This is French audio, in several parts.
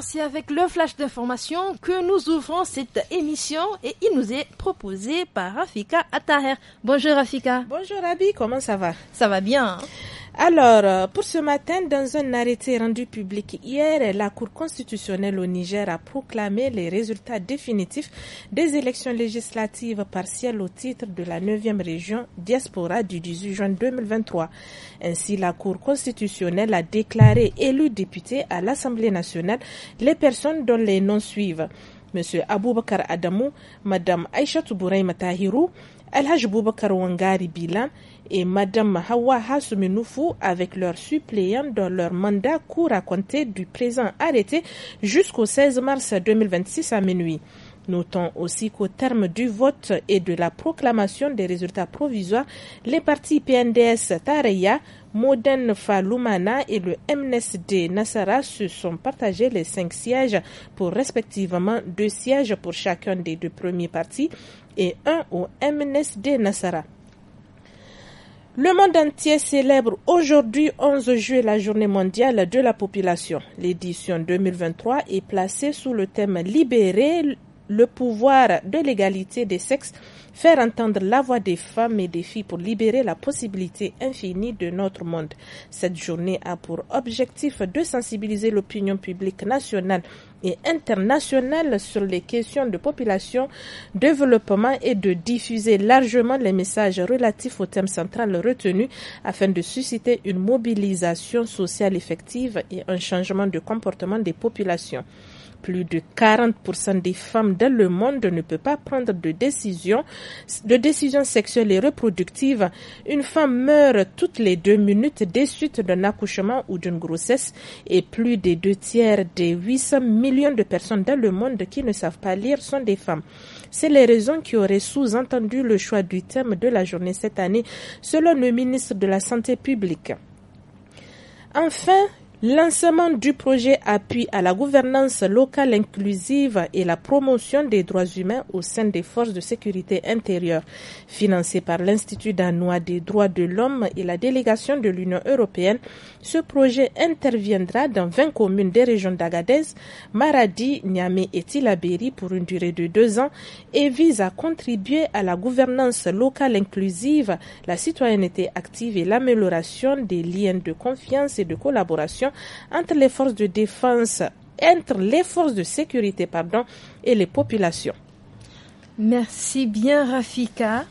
c'est avec le flash d'information que nous ouvrons cette émission et il nous est proposé par Rafika Attaher. Bonjour Rafika. Bonjour Rabi, comment ça va Ça va bien. Hein alors, euh, pour ce matin, dans un arrêté rendu public hier, la Cour constitutionnelle au Niger a proclamé les résultats définitifs des élections législatives partielles au titre de la 9e région diaspora du 18 juin 2023. Ainsi, la Cour constitutionnelle a déclaré élu député à l'Assemblée nationale les personnes dont les noms suivent. Monsieur Aboubakar Adamou, Madame Aïcha Toubouraï Matahirou, Elhaj Boubakar Wangari Bilan et Madame Hawa HaSuminufu avec leurs suppléants dans leur mandat court à compter du présent arrêté jusqu'au 16 mars 2026 à minuit. Notons aussi qu'au terme du vote et de la proclamation des résultats provisoires, les partis PNDS Tareya, Moden Faloumana et le MNSD Nassara se sont partagés les cinq sièges pour respectivement deux sièges pour chacun des deux premiers partis et un au MNSD Nassara. Le monde entier célèbre aujourd'hui 11 juillet la journée mondiale de la population. L'édition 2023 est placée sous le thème Libérer le pouvoir de l'égalité des sexes, faire entendre la voix des femmes et des filles pour libérer la possibilité infinie de notre monde. Cette journée a pour objectif de sensibiliser l'opinion publique nationale et internationales sur les questions de population, développement et de diffuser largement les messages relatifs au thème central retenu afin de susciter une mobilisation sociale effective et un changement de comportement des populations plus de 40% des femmes dans le monde ne peut pas prendre de décisions de décision sexuelles et reproductives. Une femme meurt toutes les deux minutes des suites d'un accouchement ou d'une grossesse et plus des deux tiers des 800 millions de personnes dans le monde qui ne savent pas lire sont des femmes. C'est les raisons qui auraient sous-entendu le choix du thème de la journée cette année, selon le ministre de la Santé publique. Enfin, Lancement du projet appui à la gouvernance locale inclusive et la promotion des droits humains au sein des forces de sécurité intérieure, financé par l'Institut danois des droits de l'homme et la délégation de l'Union européenne. Ce projet interviendra dans 20 communes des régions d'Agadez, Maradi, Niamey et Tilaberi pour une durée de deux ans et vise à contribuer à la gouvernance locale inclusive, la citoyenneté active et l'amélioration des liens de confiance et de collaboration entre les forces de défense, entre les forces de sécurité, pardon, et les populations. Merci bien, Rafika.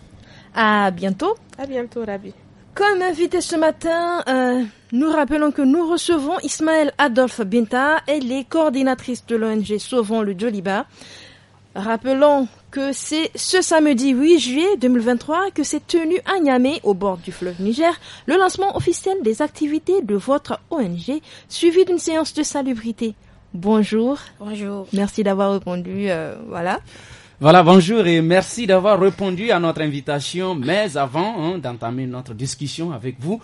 À bientôt. À bientôt, Rabi. Comme invité ce matin, euh, nous rappelons que nous recevons Ismaël Adolphe Binta, et les coordinatrices de l'ONG Sauvons le Djoliba. Rappelons que c'est ce samedi 8 juillet 2023 que s'est tenu à Niamey, au bord du fleuve Niger, le lancement officiel des activités de votre ONG, suivi d'une séance de salubrité. Bonjour. Bonjour. Merci d'avoir répondu. Euh, voilà. Voilà, bonjour et merci d'avoir répondu à notre invitation. Mais avant hein, d'entamer notre discussion avec vous,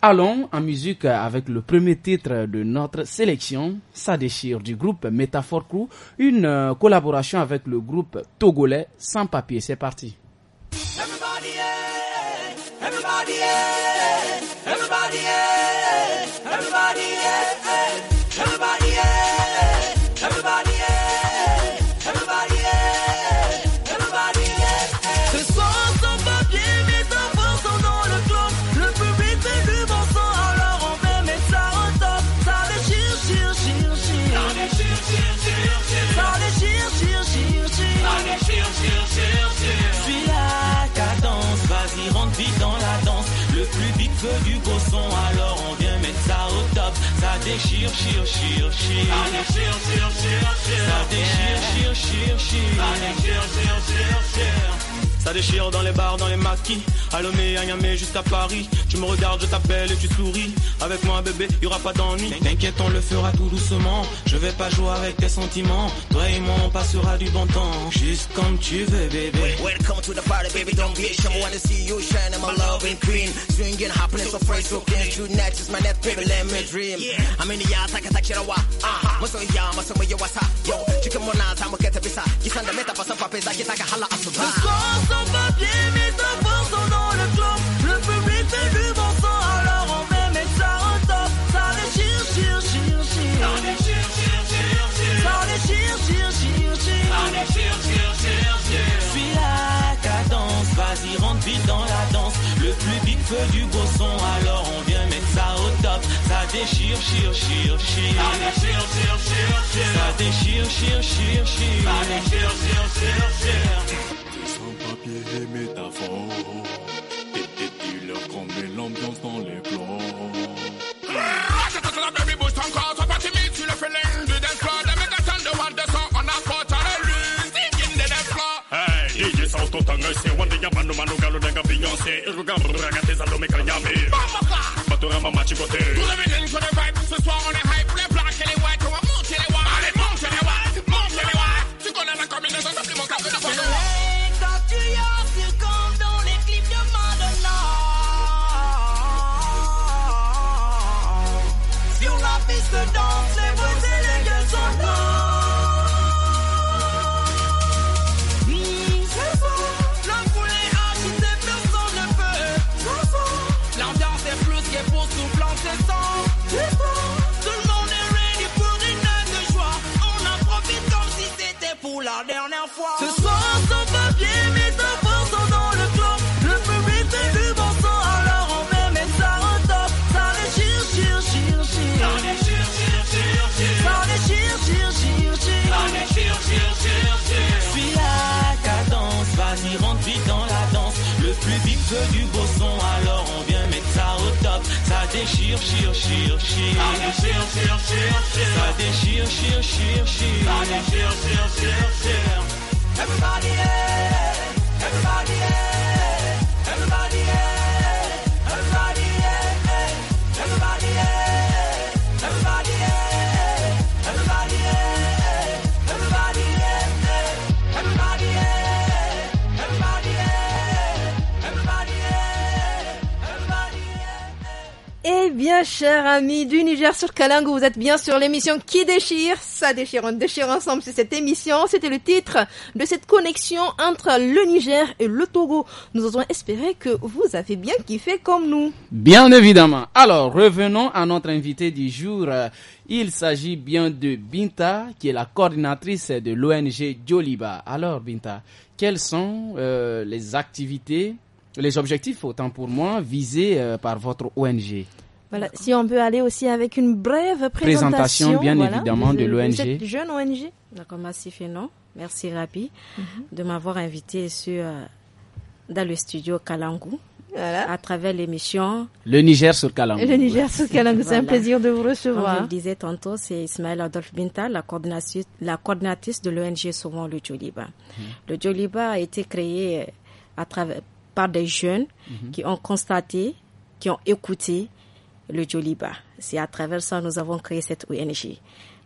Allons en musique avec le premier titre de notre sélection, Sa déchire, du groupe Métaphore Crew, une euh, collaboration avec le groupe togolais Sans Papier. C'est parti. Sade Ça déchire dans les bars, dans les maquis. À Lomé, à Niamey, jusqu'à Paris. Tu me regardes, je t'appelle et tu souris. Avec moi, bébé, y aura pas d'ennui. T'inquiète, on le fera tout doucement. Je vais pas jouer avec tes sentiments. Toi et moi, on passera du bon temps. Juste comme tu veux, bébé. Welcome to the party, baby. Don't be ashamed. Wanna see you shine my love and queen. Swinging, happiness, so fresh, so clean. You next, is my net, baby. Let me dream. I'm in the yard, I can take it away. Ah, uh-huh. maso ya, maso mo yo wasa. Yo, chicken monata, mo kete bisa. Gisanda meta, pasa papesa, gitaka hala asuba. Papier, mets ta force dans le clope Le public fait du bon son, alors on vient mettre ça au top Ça déchire, chire, chire, chire Ça déchire, chire, chire, chire Ça déchire, chire, chire, chire Suis la cadence, vas-y, rentre vite dans la danse Le plus vite feu du gros son, alors on vient mettre ça au top Ça déchire, chire, chire, chire Ça déchire, chire, chire, chire les métaphore. T'es tu leur l'ambiance dans les plans. déchire, chire, chire, chire. Ça déchire, chire, chire, chire. Ça déchire, chire, chire, chire. Ça déchire, chire, chire, chire. Everybody, yeah. everybody. Yeah. bien, cher amis du Niger sur Kalango, vous êtes bien sur l'émission qui déchire, ça déchire, on déchire ensemble sur cette émission. C'était le titre de cette connexion entre le Niger et le Togo. Nous avons espéré que vous avez bien kiffé comme nous. Bien évidemment. Alors, revenons à notre invité du jour. Il s'agit bien de Binta, qui est la coordinatrice de l'ONG Joliba. Alors, Binta, quelles sont euh, les activités les objectifs, autant pour moi, visés euh, par votre ONG si on peut aller aussi avec une brève présentation, bien évidemment, de l'ONG. jeune ONG. D'accord, merci Fénon. Merci Rabi mhm. de m'avoir invité sur, euh, dans le studio Kalangu. à travers l'émission. Le Niger sur Kalangu. Le Niger sur Kalangu, c'est un plaisir de vous recevoir. Comme je le disais tantôt, c'est Ismaël Adolphe Binta, la coordinatrice, la de l'ONG Souvent le Djoliba. Mhm. Le Djoliba a été créé euh, à travers, par des jeunes mhm. qui ont constaté, qui ont écouté le Joliba. C'est à travers ça que nous avons créé cette ONG.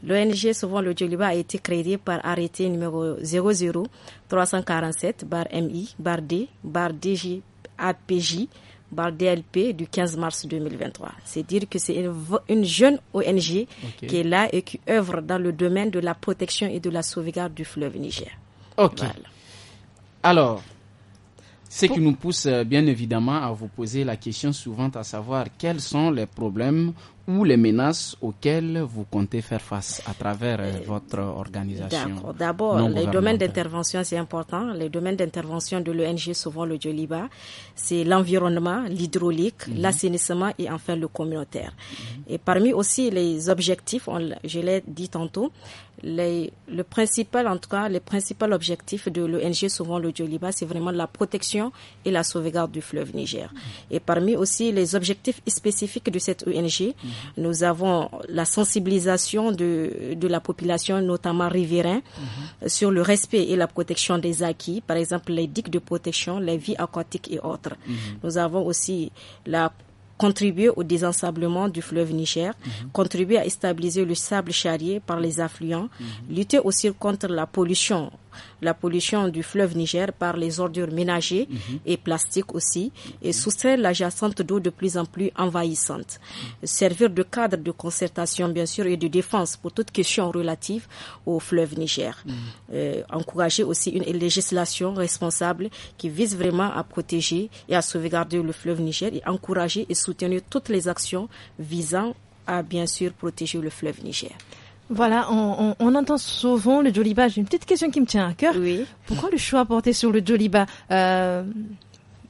L'ONG Souvent le Joliba a été créée par arrêté numéro 00347 bar MI bar D bar DG APJ bar DLP du 15 mars 2023. C'est dire que c'est une, jeune ONG qui est là et qui œuvre dans le domaine de la protection et de la sauvegarde du fleuve Niger. Ok. Alors, ce qui nous pousse euh, bien évidemment à vous poser la question souvent, à savoir quels sont les problèmes ou les menaces auxquelles vous comptez faire face à travers euh, eh, votre organisation D'abord, les domaines d'intervention, c'est important. Les domaines d'intervention de l'ONG, souvent le Joliba, c'est l'environnement, l'hydraulique, mhm. l'assainissement et enfin le communautaire. Et parmi aussi les objectifs, je l'ai dit tantôt, le principal, en tout cas, les principal objectif de l'ONG, souvent le Dioliba, c'est vraiment la protection et la sauvegarde du fleuve Niger. Mhm. Et parmi aussi les objectifs spécifiques de cette ONG, nous avons la sensibilisation de, la population, notamment riverain, mhm. sur le respect et la protection des acquis, par exemple les digues de protection, les vies aquatiques et autres. Mhm. Nous avons aussi la au désensablement du fleuve Niger, mhm. contribué à stabiliser le sable charrier par les affluents, lutter aussi contre la pollution la pollution du fleuve Niger par les ordures ménagées mhm. et plastiques aussi, et mhm. soustraire la jacente d'eau de plus en plus envahissante. Mhm. Servir de cadre de concertation, bien sûr, et de défense pour toute question relative au fleuve Niger. Euh, encourager aussi une législation responsable qui vise vraiment à protéger et à sauvegarder le fleuve Niger et encourager et soutenir toutes les actions visant à bien sûr protéger le fleuve Niger. Voilà, on, entend souvent le Joliba. J'ai une petite question qui me tient à cœur. Oui. Pourquoi le choix porté sur le Joliba euh,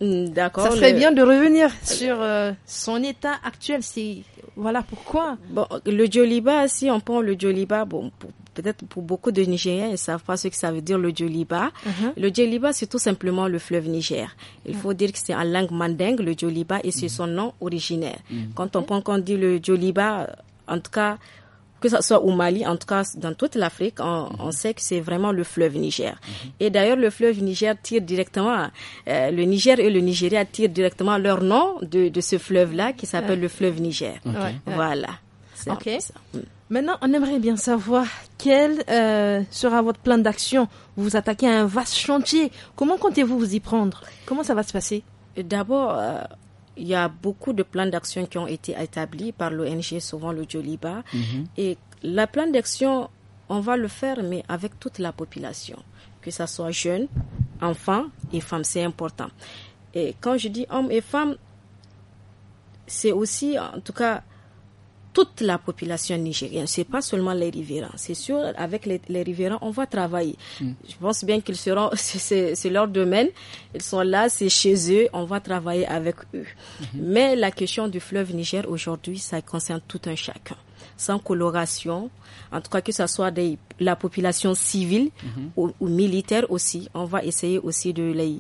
mm, D'accord. Ça serait bien de revenir sur euh, son état actuel. voilà pourquoi. Bon, le Joliba, si on prend le Joliba, bon, peut-être pour beaucoup de Nigériens, ils ne savent pas ce que ça veut dire le Joliba. Uh-huh. Le Joliba, c'est tout simplement le fleuve Niger. Il ah. faut dire que c'est en langue mandingue le Joliba et c'est mm. son nom originaire. Mm. Quand on prend, quand dit le Joliba, en tout cas, que ce soit au Mali, en tout cas dans toute l'Afrique, on, sait que c'est vraiment le fleuve Niger. Et d'ailleurs, le fleuve Niger tire directement, euh, le Niger et le Nigeria tirent directement leur nom de, ce fleuve-là qui s'appelle le fleuve Niger. Voilà. Ok. Mm. Maintenant, on aimerait bien savoir quel euh, sera votre plan d'action. Vous vous attaquez à un vaste chantier. Comment comptez-vous vous y prendre Comment ça va se passer euh, D'abord, il y a beaucoup de plans d'action qui ont été établis par l'ONG, souvent le Joliba. Mhm. Et la plan d'action, on va le faire, mais avec toute la population, que ce soit jeunes, enfants et femmes, c'est important. Et quand je dis hommes et femmes, c'est aussi, en tout cas, toute la population nigérienne. C'est pas seulement les riverains. C'est sûr, avec les, riverains, on va travailler. Mm. Je pense bien qu'ils seront, c'est leur domaine. Ils sont là, c'est chez eux, on va travailler avec eux. Mm-hmm. Mais la question du fleuve Niger aujourd'hui, ça concerne tout un chacun. Sans coloration, en tout cas que ce soit des, la population civile mm-hmm. ou militaire aussi, on va essayer aussi de les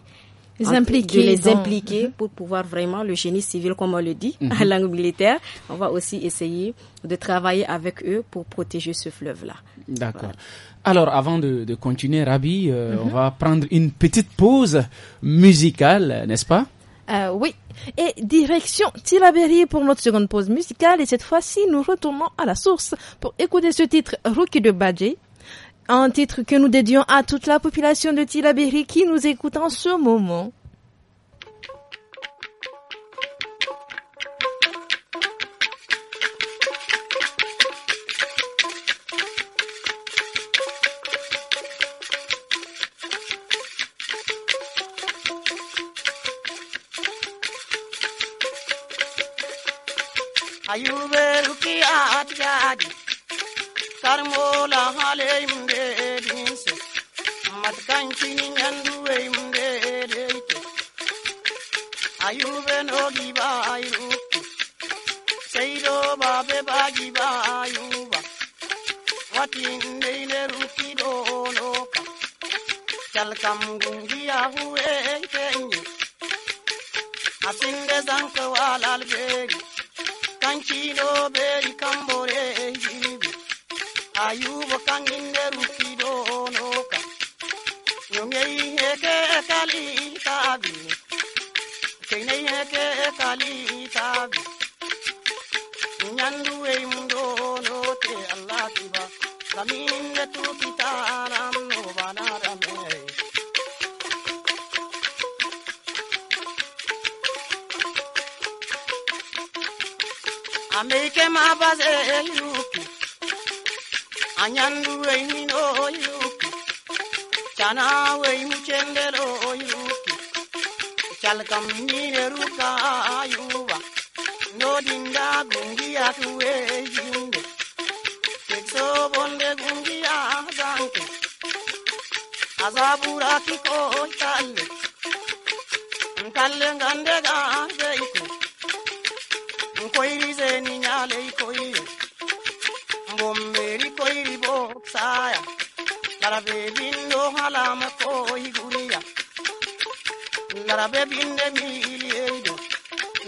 les impliquer, de les impliquer pour pouvoir vraiment le génie civil, comme on le dit, mhm. à la langue militaire. On va aussi essayer de travailler avec eux pour protéger ce fleuve-là. D'accord. Alors, avant de, continuer, Rabi, euh, mhm. on va prendre une petite pause musicale, n'est-ce pas euh, oui. Et direction Tilaberi pour notre seconde pause musicale. Et cette fois-ci, nous retournons à la source pour écouter ce titre Rookie de Badje un titre que nous dédions à toute la population de Tilabéry qui nous écoute en ce moment. kancinin handuwey mum deedeyte ayuben ogiba ayuki seydo babe bajiba ayuba watindeyne rukidonoka calkam gungiya huweytenye asinde zanko walal beeri kancino beeri kamboreyjibi ayuba kan inde rukidonoka Yumye heke kali tabi. kei Kene heke kali tabi. Nyandu e mundo no te Allah tiba. Lamin tu kitaram no banaram e. Ameke mabaze yuki. Anyandu e mino yuki chana wey mu chendero yuki chal kam ni ne ruka no dinda gungi atu wey yuki bonde gungi azanke azabura ki ko chale nkale ngande ga zeiku nkoiri ze ni nyale ikoiri mbomberi koiri boksaya narabe bindo halama ko iguriya narabe binde miliyedo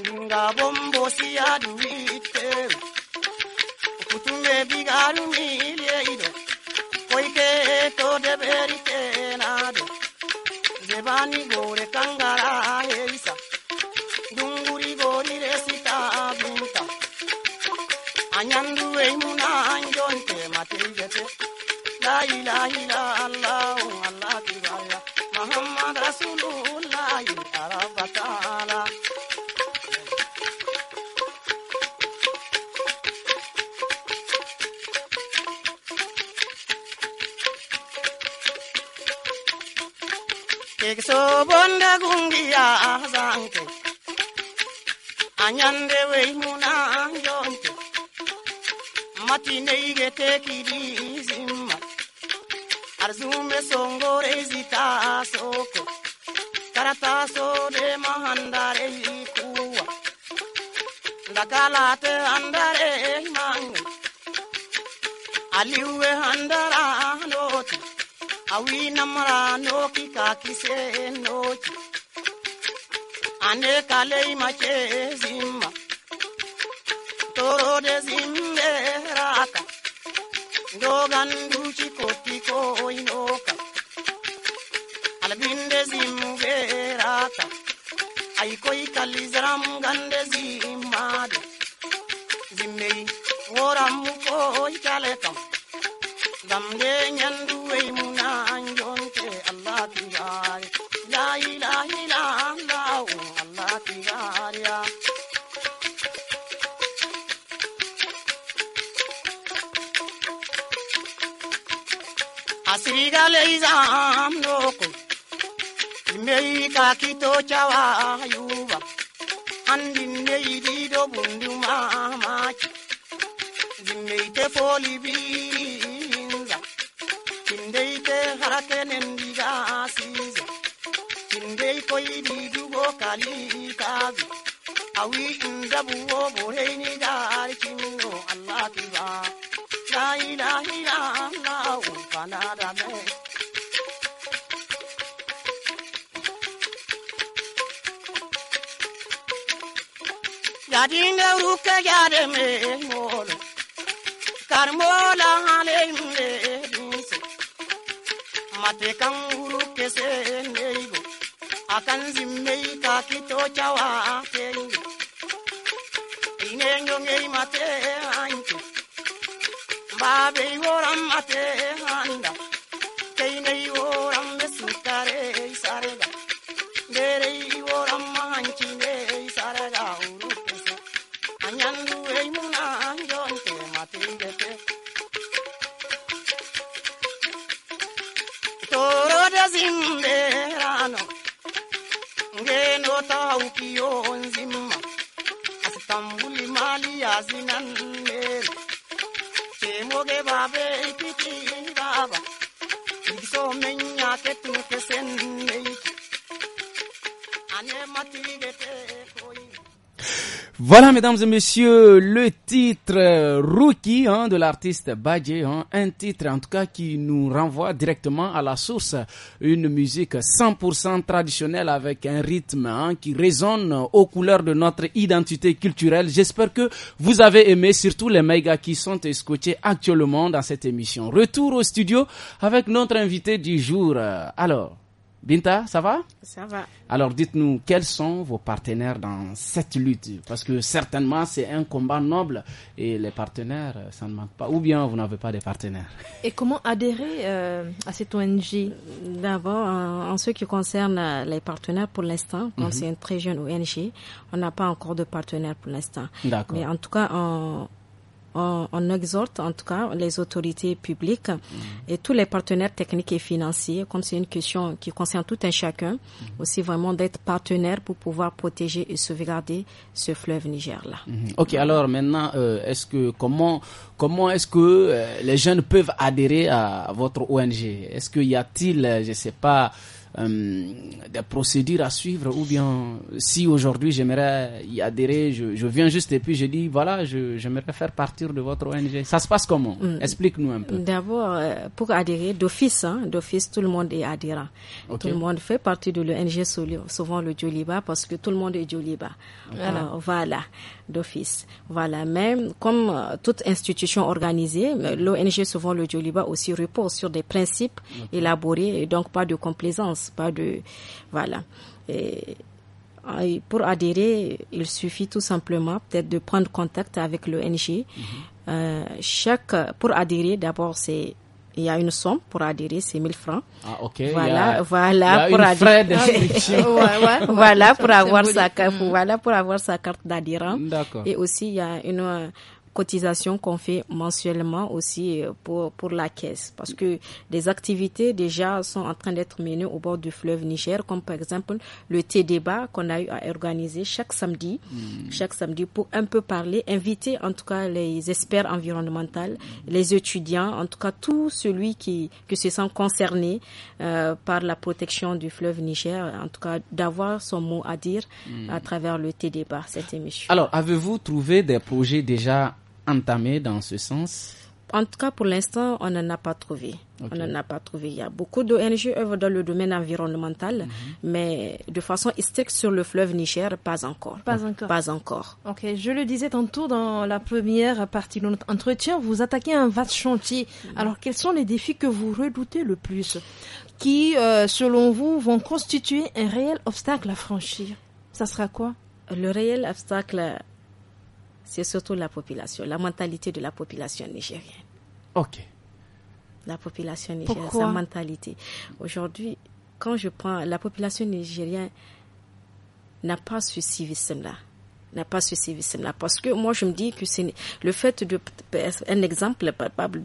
dinga bombo siya duiteru kutume bigaru miliyedo koike to deberi tenado zebani gore kek so bonda gungiya azanke anyande we muna anjonke matine igete kidi zimma arzume songore zita soko karata so de mahandare kuwa ndakalate andare mangu aliwe handara lote awi namara noki se no, ane kalei mache zima, toro de zimbe raka dogan koti ko inoka albinde zimbe raka ai koi kalizram gande zimade zimmei woram ko ikale kam damde nyandu leizam loko mei ka kito chawa yuba andin mei di do bundu mama mei te foli binza kindei te harake nendiga siza kindei koi di dugo kali kazi awi indabu wo bohei Gadinga ruka yare me molo. Carmola hale me dinse. Mate kan huru kese neigo. Akan zimmei ka kito chawa tengo. Ine ngei mate anke. Babe iworam mate handa. beekiti baba igisoo menya ketu kesennei aneematiigetu. Voilà, mesdames et messieurs, le titre euh, Rookie hein, de l'artiste Badje, hein, un titre en tout cas qui nous renvoie directement à la source, une musique 100% traditionnelle avec un rythme hein, qui résonne aux couleurs de notre identité culturelle. J'espère que vous avez aimé, surtout les mégas qui sont escotés actuellement dans cette émission. Retour au studio avec notre invité du jour. Euh, alors, Binta, ça va Ça va. Alors dites-nous, quels sont vos partenaires dans cette lutte Parce que certainement, c'est un combat noble et les partenaires, euh, ça ne manque pas. Ou bien vous n'avez pas de partenaires. Et comment adhérer euh, à cette ONG euh, D'abord, en, ce qui concerne les partenaires pour l'instant, comme mhm. c'est une très jeune ONG, on n'a pas encore de partenaires pour l'instant. D'accord. Mais en tout cas, on on, exhorte en tout cas les autorités publiques et tous les partenaires techniques et financiers, comme c'est une question qui concerne tout un chacun, aussi vraiment d'être partenaire pour pouvoir protéger et sauvegarder ce fleuve Niger-là. Mhm. Ok, alors maintenant, euh, est-ce que comment comment est-ce que euh, les jeunes peuvent adhérer à votre ONG Est-ce qu'il y a-t-il, euh, je ne sais pas, euh, des procédures à suivre ou bien si aujourd'hui j'aimerais y adhérer, je, viens juste et puis je dis voilà, j'aimerais faire partir de votre ONG. Ça se passe comment mm. Explique-nous un peu. D'abord, euh, pour adhérer d'office, hein, d'office, tout le monde est adhérent. Tout le monde fait partie de l'ONG, souvent le Djoliba, parce que tout le monde est Djoliba. Euh, voilà, d'office. Voilà, même comme toute institution organisée, l'ONG, souvent le Djoliba aussi repose sur des principes élaborés et donc pas de complaisance pas de voilà. Et, pour adhérer, il suffit tout simplement peut-être de prendre contact avec l'ONG mhm. euh, chaque pour adhérer, d'abord c'est il y a une somme pour adhérer, c'est 1000 francs. Ah, ok. Voilà, voilà, pour voilà, pour avoir sa carte, voilà, pour avoir sa carte d'adhérent. Et aussi, il y a une, cotisation qu'on fait mensuellement aussi euh, pour, pour la caisse. Parce que des activités déjà sont en train d'être menées au bord du fleuve Niger, comme par exemple le thé débat qu'on a eu à organiser chaque samedi, hmm. chaque samedi pour un peu parler, inviter en tout cas les experts environnementaux, les étudiants, en tout cas tout celui qui, qui se sent concerné euh, par la protection du fleuve Niger, en tout cas d'avoir son mot à dire hmm. à travers le thé débat, cette émission. Alors, avez-vous trouvé des projets déjà entamé dans ce sens en tout cas, pour l'instant, on n'en a pas trouvé. On n'en a pas trouvé. Il y a beaucoup d'ONG œuvrent dans le domaine environnemental, mhm. mais de façon historique sur le fleuve Niger, pas encore. Pas encore. Pas encore. Ok, je le disais tantôt dans la première partie de notre entretien, vous attaquez un vaste chantier. Mhm. Alors, quels sont les défis que vous redoutez le plus, qui, euh, selon vous, vont constituer un réel obstacle à franchir Ça sera quoi Le réel obstacle c'est surtout la population, la mentalité de la population nigérienne. Ok. La population nigérienne, sa mentalité. Aujourd'hui, quand je prends la population nigérienne n'a pas ce civisme-là n'a pas ce civisme Parce que moi, je me dis que c'est le fait de, un exemple palpable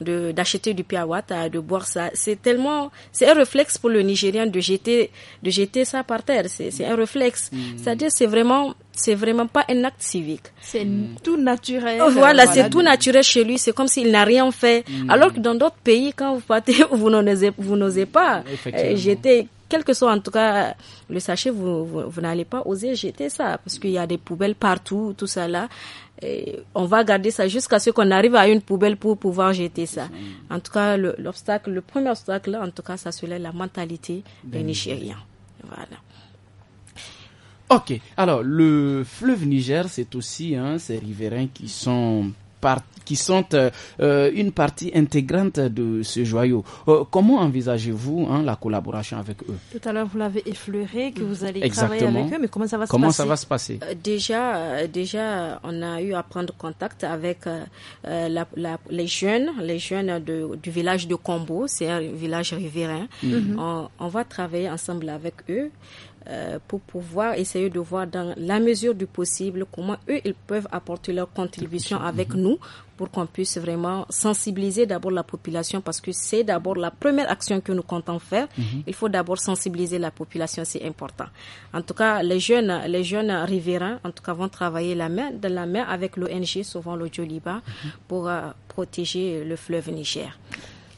de, d'acheter du piawata, de boire ça, c'est tellement, c'est un réflexe pour le Nigérien de jeter, de jeter ça par terre. C'est, un réflexe. Hmm. C'est-à-dire, c'est vraiment c'est vraiment pas un acte civique. C'est mm. tout naturel. Oh, voilà, c'est tout naturel chez lui. C'est comme s'il n'a rien fait. Mm. Alors que dans d'autres pays, quand vous partez, vous n'osez, vous n'osez pas euh, jeter, quel que soit en tout cas le sachet, vous, vous, n'allez pas oser jeter ça parce qu'il y a des poubelles partout, tout ça là. Et on va garder ça jusqu'à ce qu'on arrive à une poubelle pour pouvoir jeter ça. Mm. En tout cas, l'obstacle, le, premier obstacle, en tout cas, ça serait la mentalité des Nigériens. Voilà. Ok, alors le fleuve Niger, c'est aussi hein, ces riverains qui sont qui sont euh, euh, une partie intégrante de ce joyau. Euh, comment envisagez-vous hein, la collaboration avec eux Tout à l'heure, vous l'avez effleuré, que vous allez travailler avec eux, mais comment ça va se passer ça va se passer déjà, déjà, on a eu à prendre contact avec les jeunes, les jeunes du village de Combo, c'est un village riverain. Mhm. on, va travailler ensemble avec eux. Euh, pour pouvoir essayer de voir dans la mesure du possible comment eux, ils peuvent apporter leur contribution avec nous pour qu'on puisse vraiment sensibiliser d'abord la population parce que c'est d'abord la première action que nous comptons faire. Mhm. Il faut d'abord sensibiliser la population, c'est important. En tout cas, les jeunes, les jeunes riverains, en tout cas, vont travailler la main, de la main avec l'ONG, souvent le Joliba, mhm. pour euh, protéger le fleuve Niger.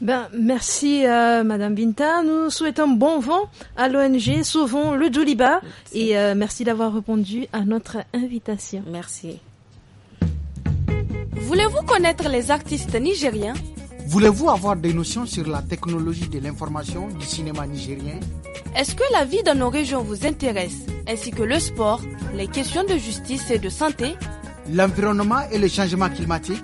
Ben, merci euh, Madame Binta. Nous souhaitons bon vent à l'ONG Sauvons le Djoliba et euh, merci d'avoir répondu à notre invitation. Merci. Voulez-vous connaître les artistes nigériens Voulez-vous avoir des notions sur la technologie de l'information du cinéma nigérien Est-ce que la vie dans nos régions vous intéresse, ainsi que le sport, les questions de justice et de santé L'environnement et le changement climatique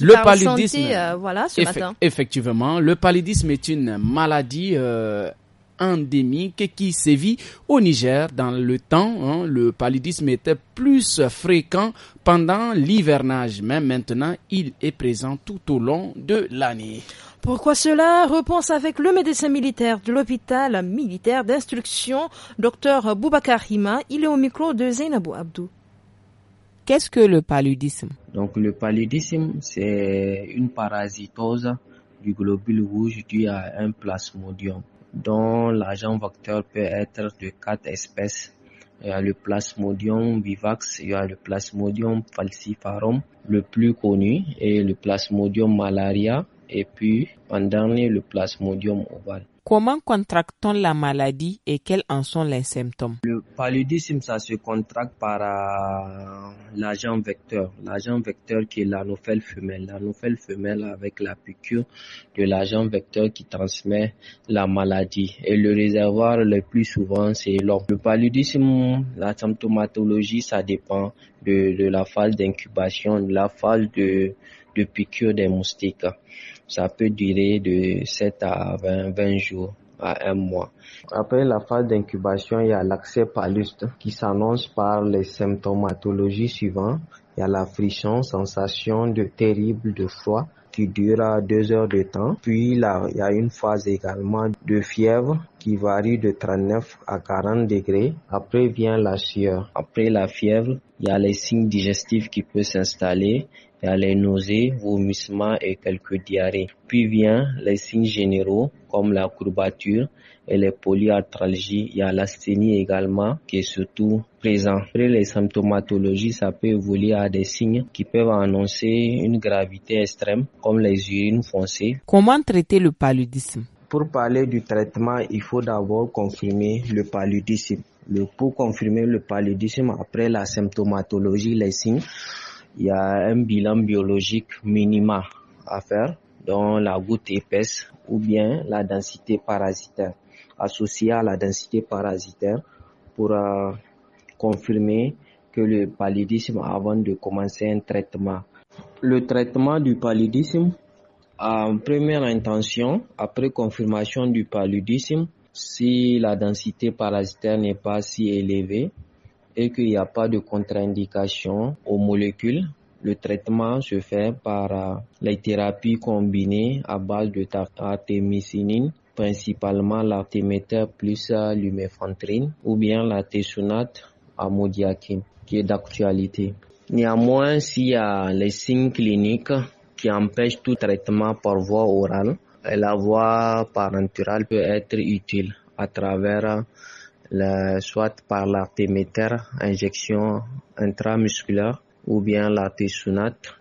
le paludisme, euh, voilà, Effectivement, le paludisme est une maladie euh, endémique qui sévit au Niger dans le temps. Hein. le paludisme était plus fréquent pendant l'hivernage, mais maintenant il est présent tout au long de l'année. Pourquoi cela Réponse avec le médecin militaire de l'hôpital militaire d'instruction, docteur Boubacar Hima. Il est au micro de Zainabou Abdou. Qu'est-ce que le paludisme Donc le paludisme, c'est une parasitose du globule rouge dû à un plasmodium dont l'agent vecteur peut être de quatre espèces. Il y a le plasmodium vivax, il y a le plasmodium falciparum, le plus connu, et le plasmodium malaria, et puis en dernier le plasmodium ovale. Comment contractons la maladie et quels en sont les symptômes Le paludisme, ça se contracte par euh, l'agent vecteur. L'agent vecteur qui est l'anophèle femelle. L'anophèle femelle avec la piqûre de l'agent vecteur qui transmet la maladie. Et le réservoir le plus souvent, c'est l'homme. Le paludisme, la symptomatologie, ça dépend de, la phase d'incubation, de la phase de, de piqûre des moustiques. Ça peut durer de 7 à 20, 20 jours à un mois. Après la phase d'incubation, il y a l'accès paluste qui s'annonce par les symptomatologies suivantes. Il y a la frisson, sensation de terrible de froid qui dure deux heures de temps. Puis là, il y a une phase également de fièvre qui varie de 39 à 40 degrés. Après vient la sueur. Après la fièvre, il y a les signes digestifs qui peuvent s'installer il y a les nausées, vomissements et quelques diarrhées. Puis vient les signes généraux comme la courbature et les polyarthralgies. Il y a l'asthénie également qui est surtout présent. Après les symptomatologies, ça peut évoluer à des signes qui peuvent annoncer une gravité extrême comme les urines foncées. Comment traiter le paludisme Pour parler du traitement, il faut d'abord confirmer le paludisme. Le, pour confirmer le paludisme après la symptomatologie, les signes, il y a un bilan biologique minima à faire, dont la goutte épaisse ou bien la densité parasitaire, associée à la densité parasitaire pour euh, confirmer que le paludisme avant de commencer un traitement. Le traitement du paludisme, en première intention, après confirmation du paludisme, si la densité parasitaire n'est pas si élevée, et qu'il n'y a pas de contre-indication aux molécules. Le traitement se fait par euh, les thérapies combinées à base de artémisinine, principalement l'artéméter plus euh, lumefantrine, ou bien la tessonate amodiaquine qui est d'actualité. Néanmoins, s'il y a les signes cliniques qui empêchent tout traitement par voie orale, la voie parenturale peut être utile à travers soit par l'artémétère, injection intramusculaire, ou bien la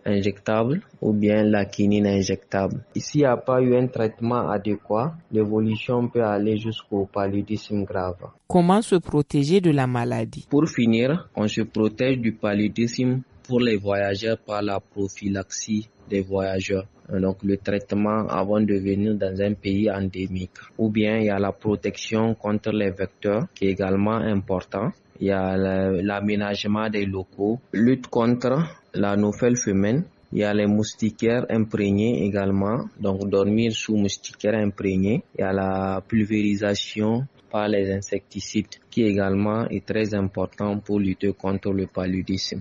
injectable ou bien la quinine injectable. S'il n'y a pas eu un traitement adéquat, l'évolution peut aller jusqu'au paludisme grave. Comment se protéger de la maladie Pour finir, on se protège du paludisme pour les voyageurs par la prophylaxie des voyageurs. Euh, donc le traitement avant de venir dans un pays endémique. Ou bien il y a la protection contre les vecteurs qui est également important. Il y a l'aménagement des locaux, lutte contre la nouvelle femelle il y a les moustiquaires imprégnés également, donc dormir sous moustiquaires imprégnés. Il y a la pulvérisation par les insecticides qui également est très important pour lutter contre le paludisme.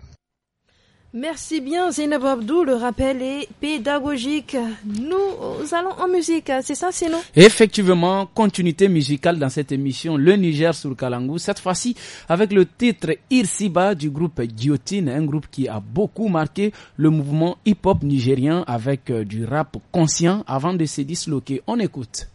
Merci bien Zainab Abdou, le rappel est pédagogique. Nous allons en musique, c'est ça sinon. Effectivement, continuité musicale dans cette émission Le Niger sur Kalangu, cette fois-ci avec le titre Irsiba du groupe Diotine, un groupe qui a beaucoup marqué le mouvement hip-hop nigérien avec euh, du rap conscient avant de se disloquer. On écoute.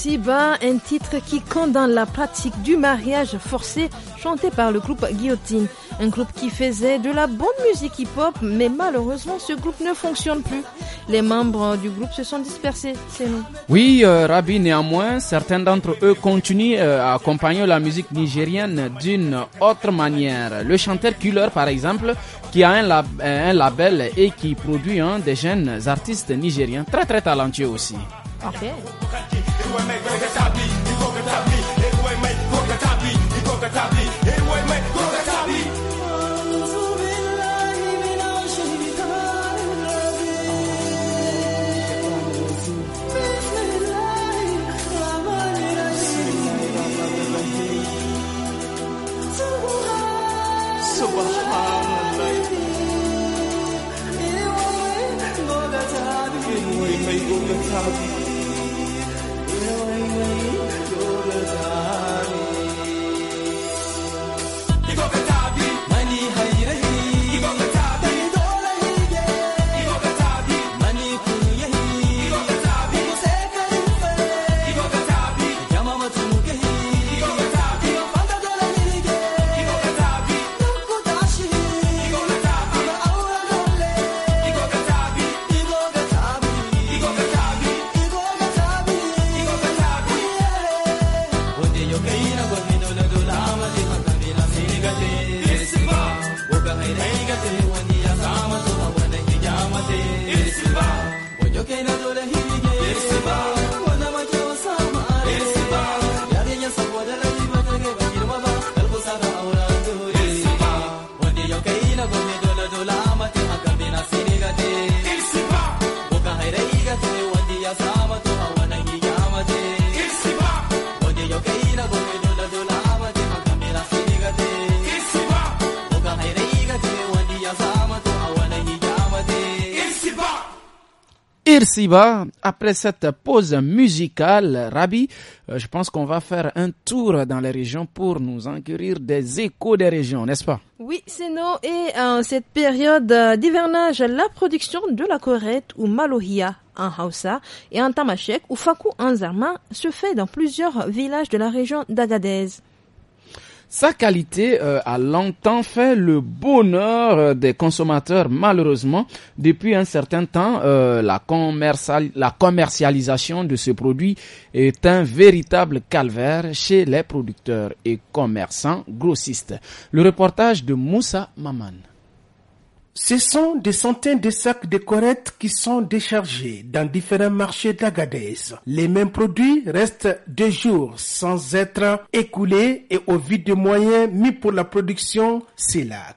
Si un titre qui condamne la pratique du mariage forcé chanté par le groupe Guillotine. Un groupe qui faisait de la bonne musique hip-hop, mais malheureusement ce groupe ne fonctionne plus. Les membres du groupe se sont dispersés, c'est Oui, euh, Rabi, néanmoins, certains d'entre eux continuent euh, à accompagner la musique nigérienne d'une autre manière. Le chanteur Killer, par exemple, qui a un, euh, label et qui produit hein, des jeunes artistes nigériens très très talentueux aussi. you and make reggae Siba, après cette pause musicale, Rabi, euh, je pense qu'on va faire un tour dans les régions pour nous enquérir des échos des régions, n'est-ce pas Oui, c'est nous. Et euh, en cette période euh, d'hivernage, la production de la corette ou malohia en Hausa et en Tamashek ou Fakou en Zarma se fait dans plusieurs villages de la région d'Agadez. Sa qualité a euh, longtemps fait le bonheur euh, des consommateurs. Malheureusement, depuis un certain temps, euh, la, la commercialisation de ce produit est un véritable calvaire chez les producteurs et commerçants grossistes. Le reportage de Moussa Maman. Ce sont des centaines de sacs de corettes qui sont déchargés dans différents marchés d'Agadez. Les mêmes produits restent deux jours sans être écoulés et au vide de moyens mis pour la production, c'est là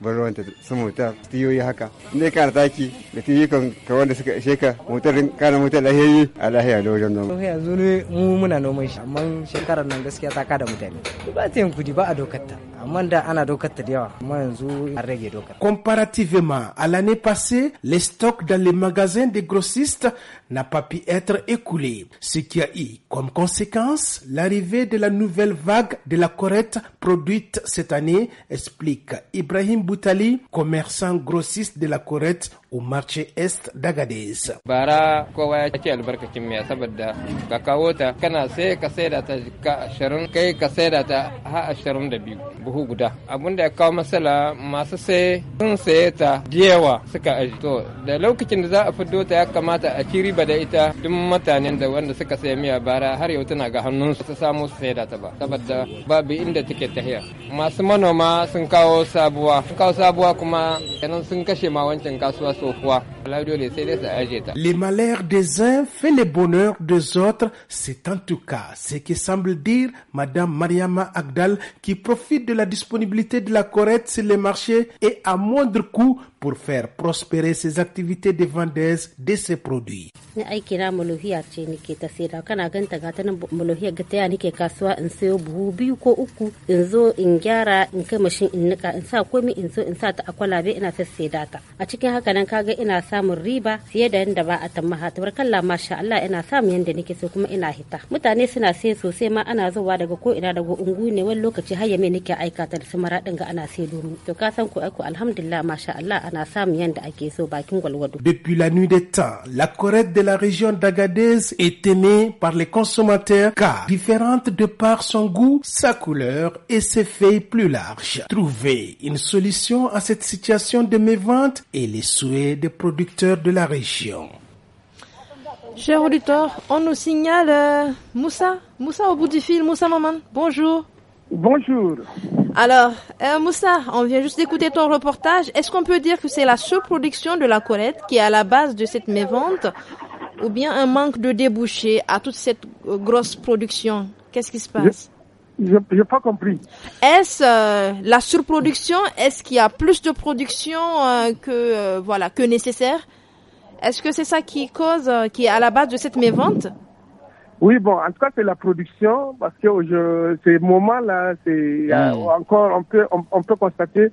barwan ta su mota tiyoyi haka ne na taki da tiyoyi kan ka wanda suka ishe ka motar kana motar yi. a lahiya da wajen noma. yanzu ne mu muna noman shi amma shekarar nan gaskiya ta kada mutane ba ta yin kudi ba a dokar ta comparativement à l'année passée les stocks dans les magasins des grossistes n'ont pas pu être écoulés. ce qui a eu comme conséquence l'arrivée de la nouvelle vague de la corrette produite cette année explique Ibrahim Boutali commerçant grossiste de la corrette Umar ce Est Dagadez. Bara kowa ya ce albarkacin miya saboda ka kawo ta kana sai ka da ta ka ashirin kai ka da ta ha ashirin da biyu buhu guda. Abun da ya kawo matsala masu sai sun saye ta diyawa suka aji. To da lokacin da za a fito ta ya kamata a ci riba da ita duk mutanen da wanda suka saya miya bara har yau tana ga hannun su samu su da ta ba saboda babu inda take tafiya. Masu manoma sun kawo sabuwa sun kawo sabuwa kuma kenan sun kashe ma wancan kasuwa le malheur Les malheurs des uns fait le bonheur des autres, c'est en tout cas ce que semble dire Madame Mariama Agdal qui profite de la disponibilité de la Corette sur les marchés et à moindre coût pour faire prospérer ses activités de vendeuse de ses produits. Ni aiki na malohiya ce nake ta saida kana ganta ga ta malohiya ga taya nake kasuwa in sayo buhu biyu ko uku in zo in gyara in kai mashin in nika in sa komai in zo in sa ta a kwalabe ina sassaida ta. A cikin haka nan kaga ina samun riba fiye da yanda ba a tammaha tabarkalla masha Allah ina samun yanda nake so kuma ina hita. Mutane suna sai sosai ma ana zuwa daga ko ina daga ungu ne wani lokaci har ya mai nake aikata da samara maraɗin ga ana sai domin. To ka san ko aiko alhamdulillah masha Allah Depuis la nuit des temps, la corrette de la région d'Agadez est aimée par les consommateurs car différente de par son goût, sa couleur et ses feuilles plus larges. Trouver une solution à cette situation de mévente est les souhaits des producteurs de la région. Chers auditeurs, on nous signale euh, Moussa, Moussa au bout du fil, Moussa Maman, bonjour. Bonjour. Alors, euh, Moussa, on vient juste d'écouter ton reportage. Est-ce qu'on peut dire que c'est la surproduction de la Corette qui est à la base de cette mévente ou bien un manque de débouchés à toute cette euh, grosse production Qu'est-ce qui se passe Je n'ai pas compris. Est-ce euh, la surproduction Est-ce qu'il y a plus de production euh, que, voilà, que nécessaire Est-ce que c'est ça qui cause, qui est à la base de cette mévente oui, bon, en tout cas, c'est la production, parce que ces moments-là, c'est hmm. encore, on peut, on, peut constater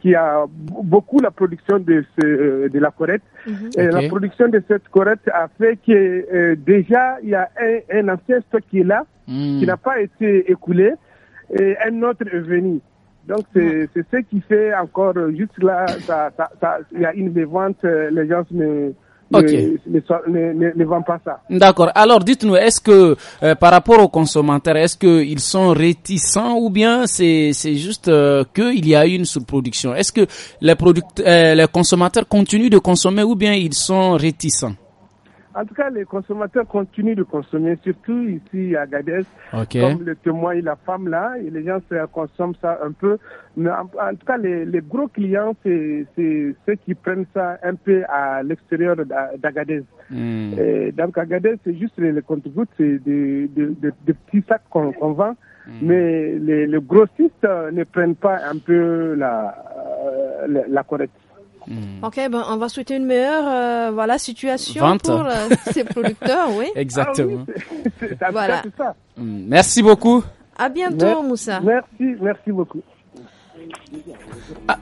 qu'il y a beaucoup la production de, ce, euh, de la corette. Mhm. Et la production de cette corette a fait que euh, déjà, il y a un, un, ancien stock qui est là, hmm. qui n'a pas été écoulé, et un autre est venu. Donc, c'est hmm. ce qui fait encore, juste là, il y a une vente, euh, les gens se... D'accord. Alors dites-nous, est-ce que euh, par rapport aux consommateurs, est-ce qu'ils sont réticents ou bien c'est juste euh, qu'il y a une surproduction Est-ce que les, euh, les consommateurs continuent de consommer ou bien ils sont réticents en tout cas, les consommateurs continuent de consommer, surtout ici à Gadez. Comme le témoigne la femme là, les gens consomment ça un peu. Mais en, tout cas, les, gros clients, c'est ceux qui prennent ça un peu à l'extérieur d'Agadez. Hmm. Donc Agadez, c'est juste les, les c'est des, petits sacs qu'on vend. Hmm. Mais les, grossistes euh, ne prennent pas un peu la, euh, la, la Mm. Ok, ben on va souhaiter une meilleure euh, voilà situation pour euh, ces producteurs, oui. Exactement. Ah mm. Merci beaucoup. À bientôt, Moussa. Merci, merci beaucoup. Ah.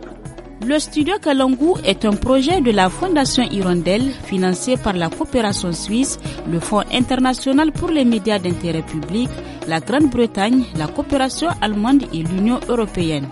Le studio Kalangu est un projet de la Fondation Hirondelle financé par la coopération suisse, le Fonds international pour les médias d'intérêt public, la Grande-Bretagne, la coopération allemande et l'Union européenne.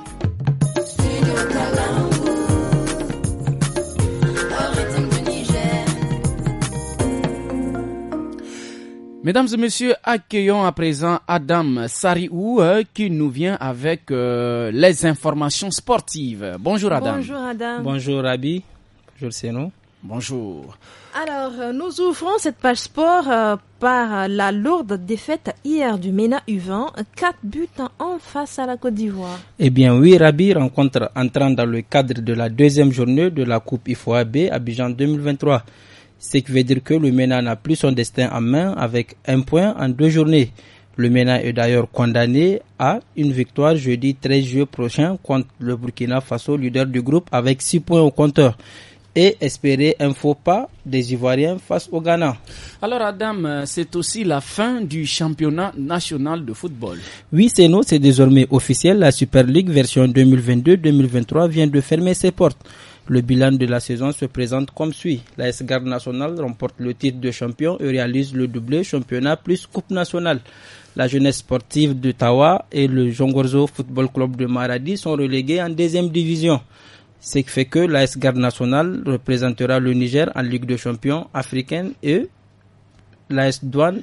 Mesdames et messieurs, accueillons à présent Adam Sariou euh, qui nous vient avec euh, les informations sportives. Bonjour Adam. Bonjour Adam. Bonjour Rabi. Bonjour Seno. Bonjour. Alors, euh, nous ouvrons cette page sport par la lourde défaite hier du MENA U20, 4 buts en face à la Côte d'Ivoire. Eh bien oui, Rabi rencontre entrant dans le cadre de la deuxième journée de la Coupe IFOAB Abidjan 2023 ce qui veut dire que le MENA n'a plus son destin en main avec un point en deux journées. Le MENA est d'ailleurs condamné à une victoire jeudi 13 juillet prochain contre le Burkina Faso, leader du groupe, avec six points au compteur et espérer un faux pas des Ivoiriens face au Ghana. Alors Adam, euh, c'est aussi la fin du championnat national de football. Oui, c'est nous, c'est désormais officiel. La Super League version 2022-2023 vient de fermer ses portes. Le bilan de la saison se présente comme suit. La S-Garde nationale remporte le titre de champion et réalise le doublé championnat plus coupe nationale. La jeunesse sportive d'Ottawa et le Jongorzo Football Club de Maradi sont relégués en deuxième division. Ce qui fait que la S-Garde nationale représentera le Niger en Ligue de champions africaine et la S-Douane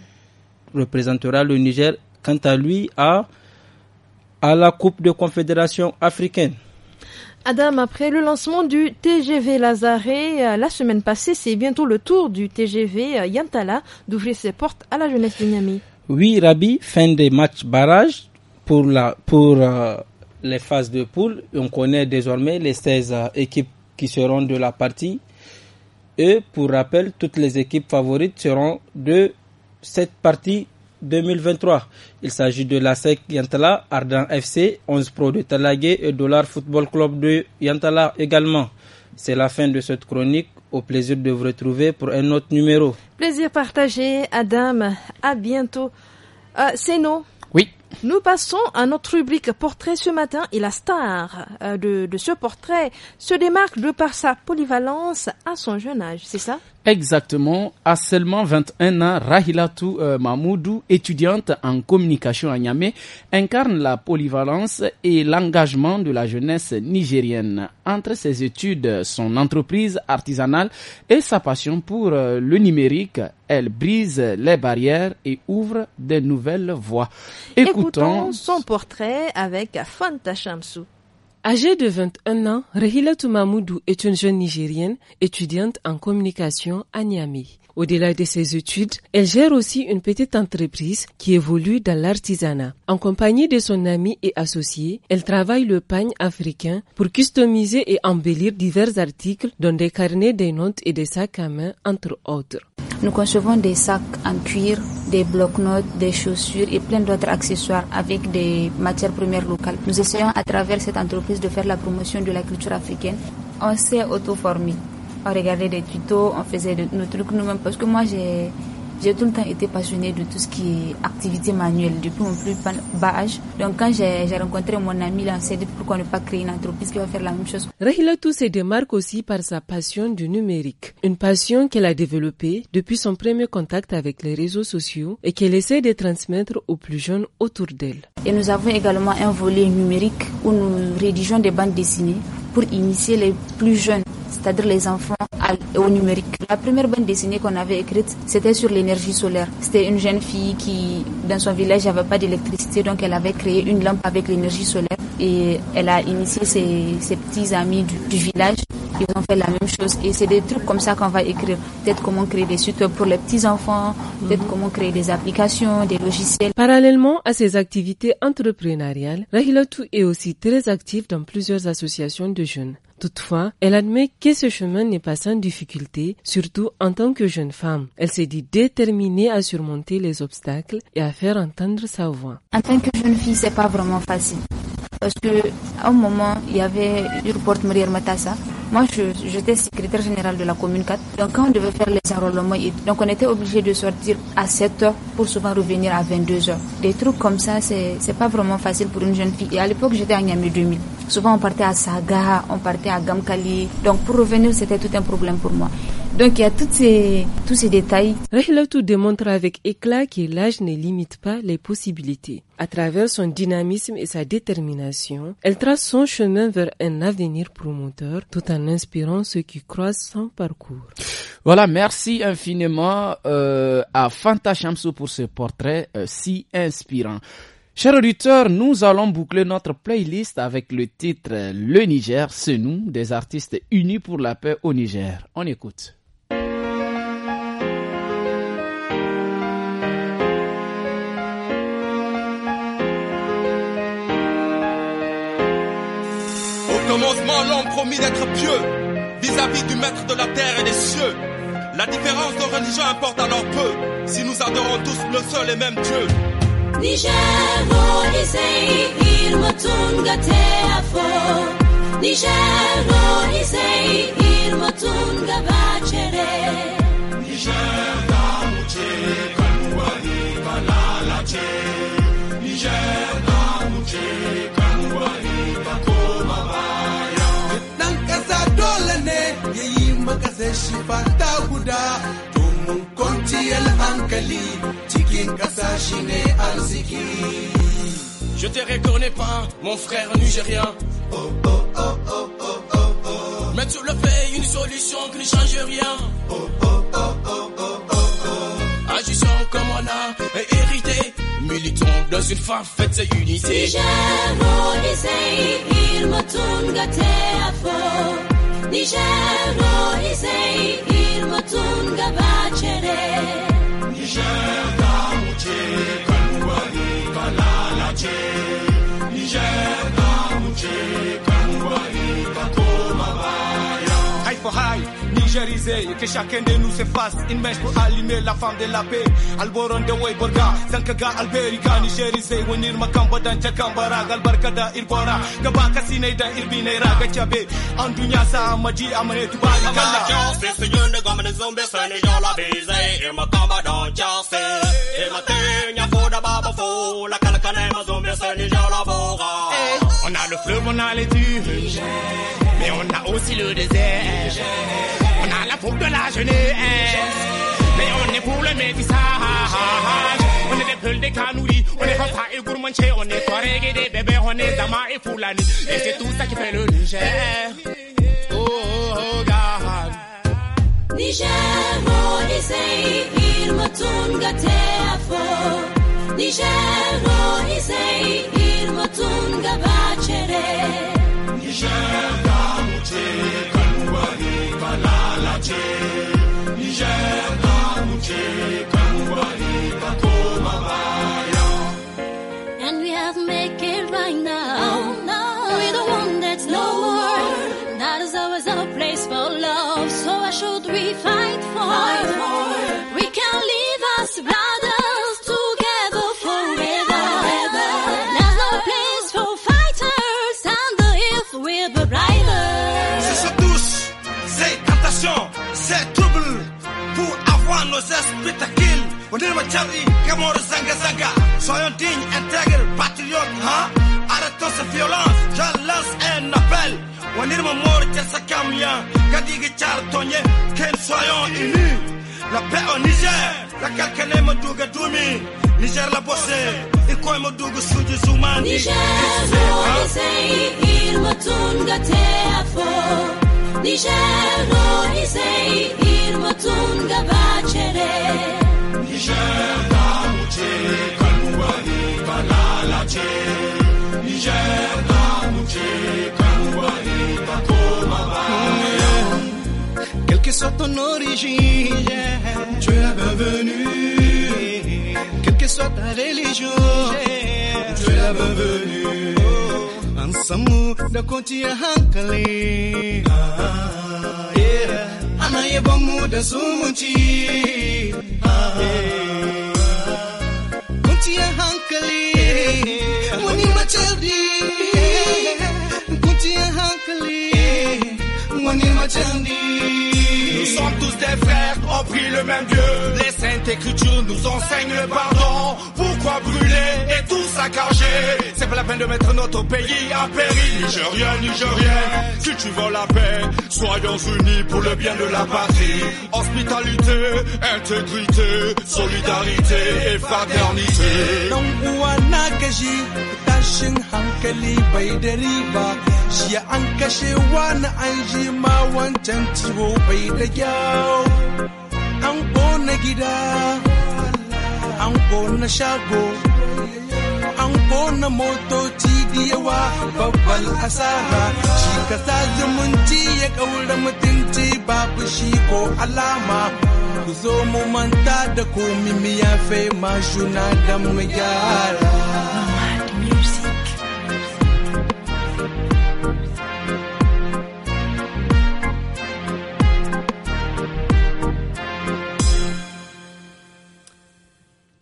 représentera le Niger quant à lui à, à la Coupe de Confédération africaine. Adam, après le lancement du TGV Lazare, euh, la semaine passée, c'est bientôt le tour du TGV euh, Yantala d'ouvrir ses portes à la jeunesse Niamey. Oui, Rabi, fin des matchs barrages pour, la, pour euh, les phases de poule. On connaît désormais les 16 équipes qui seront de la partie. Et pour rappel, toutes les équipes favorites seront de cette partie 2023. Il s'agit de la SEC Yantala, Ardan FC, 11 Pro de Talagé et Dollar Football Club de Yantala également. C'est la fin de cette chronique. Au plaisir de vous retrouver pour un autre numéro. Plaisir partagé, Adam. À bientôt. C'est euh, nous. Oui. Nous passons à notre rubrique portrait ce matin et la star euh, de, de, ce portrait se démarque de par sa polyvalence à son jeune âge, c'est ça Exactement, à seulement 21 ans, Rahilatou euh, Mahmoudou, étudiante en communication à Niamey, incarne la polyvalence et l'engagement de la jeunesse nigérienne. Entre ses études, son entreprise artisanale et sa passion pour euh, le numérique, elle brise les barrières et ouvre de nouvelles voies. Écoutons, son portrait avec Fanta Shamsou. Âgée de 21 ans, Rahila Toumamoudou est une jeune Nigérienne, étudiante en communication à Niamey. Au-delà de ses études, elle gère aussi une petite entreprise qui évolue dans l'artisanat. En compagnie de son ami et associé, elle travaille le pagne africain pour customiser et embellir divers articles dont des carnets, des notes et des sacs à main, entre autres. Nous concevons des sacs en cuir, des blocs-notes, des chaussures et plein d'autres accessoires avec des matières premières locales. Nous essayons à travers cette entreprise de faire la promotion de la culture africaine. On s'est auto-formé. On regardait des tutos, on faisait nos trucs nous-mêmes parce que moi j'ai j'ai tout le temps été passionnée de tout ce qui est activité manuelle depuis mon plus bas âge. Donc quand j'ai rencontré mon ami, là, c'est qu'on ne pas créer une entreprise qui va faire la même chose. tout se démarque aussi par sa passion du numérique, une passion qu'elle a développée depuis son premier contact avec les réseaux sociaux et qu'elle essaie de transmettre aux plus jeunes autour d'elle. Et nous avons également un volet numérique où nous rédigeons des bandes dessinées pour initier les plus jeunes, c'est-à-dire les enfants au numérique. La première bande dessinée qu'on avait écrite, c'était sur l'énergie solaire. C'était une jeune fille qui, dans son village, n'avait pas d'électricité, donc elle avait créé une lampe avec l'énergie solaire et elle a initié ses, petits amis du, village. Ils ont fait la même chose et c'est des trucs comme ça qu'on va écrire. Peut-être comment créer des sites pour les petits enfants, peut-être comment créer des applications, des logiciels. Parallèlement à ces activités, entrepreneuriale, entrepreneurial, Rahilatou est aussi très active dans plusieurs associations de jeunes. Toutefois, elle admet que ce chemin n'est pas sans difficulté, surtout en tant que jeune femme. Elle s'est dit déterminée à surmonter les obstacles et à faire entendre sa voix. En tant que jeune fille, c'est pas vraiment facile. Parce que, un moment, il y avait une porte Maria Matassa moi, j'étais secrétaire générale de la commune 4. Donc, quand on devait faire les enrôlements, donc on était obligé de sortir à 7 heures pour souvent revenir à 22 heures. Des trucs comme ça, c'est pas vraiment facile pour une jeune fille. Et à l'époque, j'étais à Niamey 2000. Souvent, on partait à Saga, on partait à Gamkali. Donc, pour revenir, c'était tout un problème pour moi. Donc il y a toutes ces, tous ces détails. Rehlatou démontre avec éclat que l'âge ne limite pas les possibilités. À travers son dynamisme et sa détermination, elle trace son chemin vers un avenir promoteur tout en inspirant ceux qui croisent son parcours. Voilà, merci infiniment euh, à Fanta Chamsou pour ce portrait euh, si inspirant. Chers auditeurs, nous allons boucler notre playlist avec le titre euh, Le Niger, c'est nous, des artistes unis pour la paix au Niger. On écoute. D'être pieux vis-à-vis du maître de la terre et des cieux, la différence de religion importe alors peu si nous adorons tous le seul et même Dieu. Niger, oh, l'Isei, il m'a tout un gâteau à fond. Niger, oh, l'Isei, il m'a tout un gâteau Niger, oh, l'Isei, il m'a Niger, maka shi fata guda domin kwanciyar hankali cikin ƙasa shi ne arziki Je te reconnais pas, mon frère nigérien. Oh, oh, oh, oh, oh, oh, oh. Mettre sur le fait une solution qui ne change rien. Oh, oh, oh, oh, oh, oh, oh. Agissons comme on a hérité. Militons dans une fin faite et unité. Si j'ai mon il me tourne gâté à fond. ניג'ר לא איזה עיר מצון גבת שלה. ניג'ר דמוצ'ה, כנוואלי כללצ'ה. ניג'ר דמוצ'ה, כנוואלי כתום הבעיה. היי פה היי nigerisés et que chacun de nous se fasse une mèche pour allumer la femme de la paix alboron da wai borga zan ka alberi ga nigerisé wani makan badan jakan bara galbarka da irbora gaba kasi ne da irbi ne raga cabe an sa maji amane tuba ga kala justice the yonder government zombe sani yola beze e makama don justice e matenya foda baba fo la kalkane mazombe sani yola boga on a le fleuve on a les dunes mais on a aussi le désert pour de la jeunesse. Mais on est pour le métissage. On est des peuls des canouris, on est papa et gourmanché, on est Touareg et des bébés, on est Dama et Foulani. Et c'est tout ça qui fait le Niger. Oh, oh, God. Niger, Moïse, Irmatun, Gatéafo. Niger, Moïse, Irmatun, Gabachere. Niger, Gamucheka. And we have make it right now. Until my chubby, come on, Sanga Sanga. Soy un digne, intègre, patriote, hein? Arrêtons ces violences, je lance un appel. Wanir ma mort, tiens sa camion. Kadigi Chartonye, qu'elle soyons La paix au Niger, la calcané ma douga Niger la bossé, et quoi ma douga souji zoumani. Niger, no, isei, il matunga te afo. Niger, no, isei, il matunga bachere. Niger ta wuce kanuwa koma Quelle que soit ton origine Tu es bienvenu Quelle que soit ta religion Tu es bienvenu An samu da kwanciyar hankali Ana yabon mu da zumunci Kunci hangkali, muni macaldi. Kunci hangkali, muni macaldi. sommes tous des frères, ont pris le même Dieu. Les saintes écritures nous enseignent le pardon. Pourquoi brûler et tout saccager C'est pas la peine de mettre notre pays en péril. Nigérien, Nigérien, si tu veux la paix, soyons unis pour le bien de la patrie. Hospitalité, intégrité, solidarité et fraternité. shi an kashe wani an ji ma wancan ciwo bai da kyau an ƙona gida an ƙona shago an ƙona motoci da yawa babbal asara shi ka sa zumunci ya ƙaura mutunci babu shi ko alama ku zo mu manta da komi miya fai ma juna da mu gyara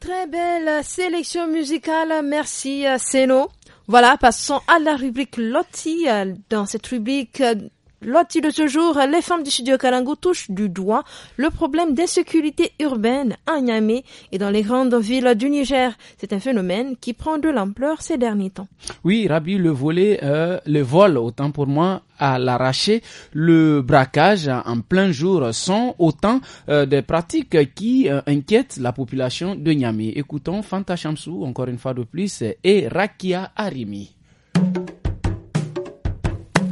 Très belle sélection musicale, merci euh, Seno. Voilà, passons à la rubrique Lotti. Euh, dans cette rubrique, euh, Loti de ce jour, les femmes du studio Kalango touchent du doigt le problème d'insécurité urbaine à Niamey et dans les grandes villes du Niger. C'est un phénomène qui prend de l'ampleur ces derniers temps. Oui, Rabi, le volet, euh, le vol, autant pour moi, à l'arracher, le braquage en plein jour sont autant euh, des pratiques qui euh, inquiètent la population de Niamey. Écoutons Fanta Chamsou, encore une fois de plus, et Rakia Arimi.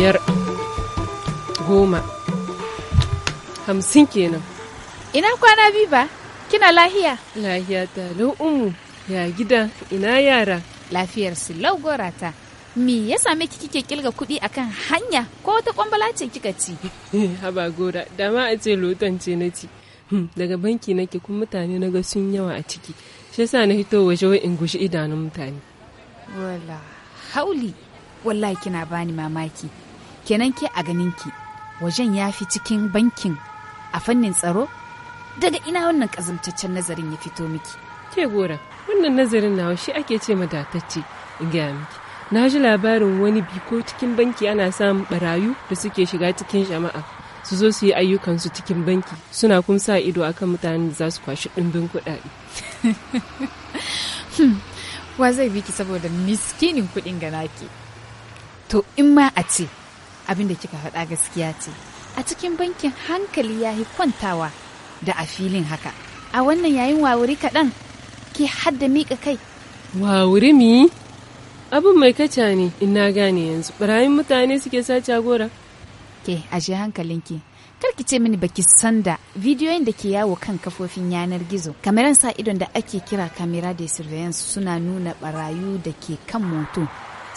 biyar goma hamsin kenan ina kwana ba kina lahiya lahiya ta umu ya gida ina yara lafiyar su laugora me ya same ki kike kilga kuɗi akan hanya ko wata kwambala ce kika ci haba gora dama a ce lotan ce na ci hmm, daga banki nake kun mutane na ga sun yawa a ciki shi yasa na hito waje wa in gushi idanun mutane wala hauli wallahi kina bani mamaki kenan ke a ganin ki wajen ya fi cikin bankin a fannin tsaro daga ina wannan kazamtaccen nazarin ya fito miki ke gora wannan nazarin nawa shi ake ce madatacce in gaya miki na ji labarin wani biko cikin banki ana samun barayu da suke shiga cikin jama'a su zo su yi ayyukansu cikin banki suna kuma sa ido akan mutanen da za su kwashi ɗimbin kuɗaɗe hmm, wa zai biki saboda miskinin kuɗin naki to in ma a ce abin da kika faɗa gaskiya ce a cikin bankin hankali ya yi kwantawa da a filin haka a wannan yayin wawuri kaɗan ke hadda miƙa kai wawuri mi abin mai kaca ne in na gane yanzu barayin mutane suke sace gora ke ashe hankalinki kar ki ce mini baki san da bidiyoyin da ke yawo kan kafofin yanar gizo kameran sa idon da ake kira kamera da surveillance suna nuna barayu da ke kan moto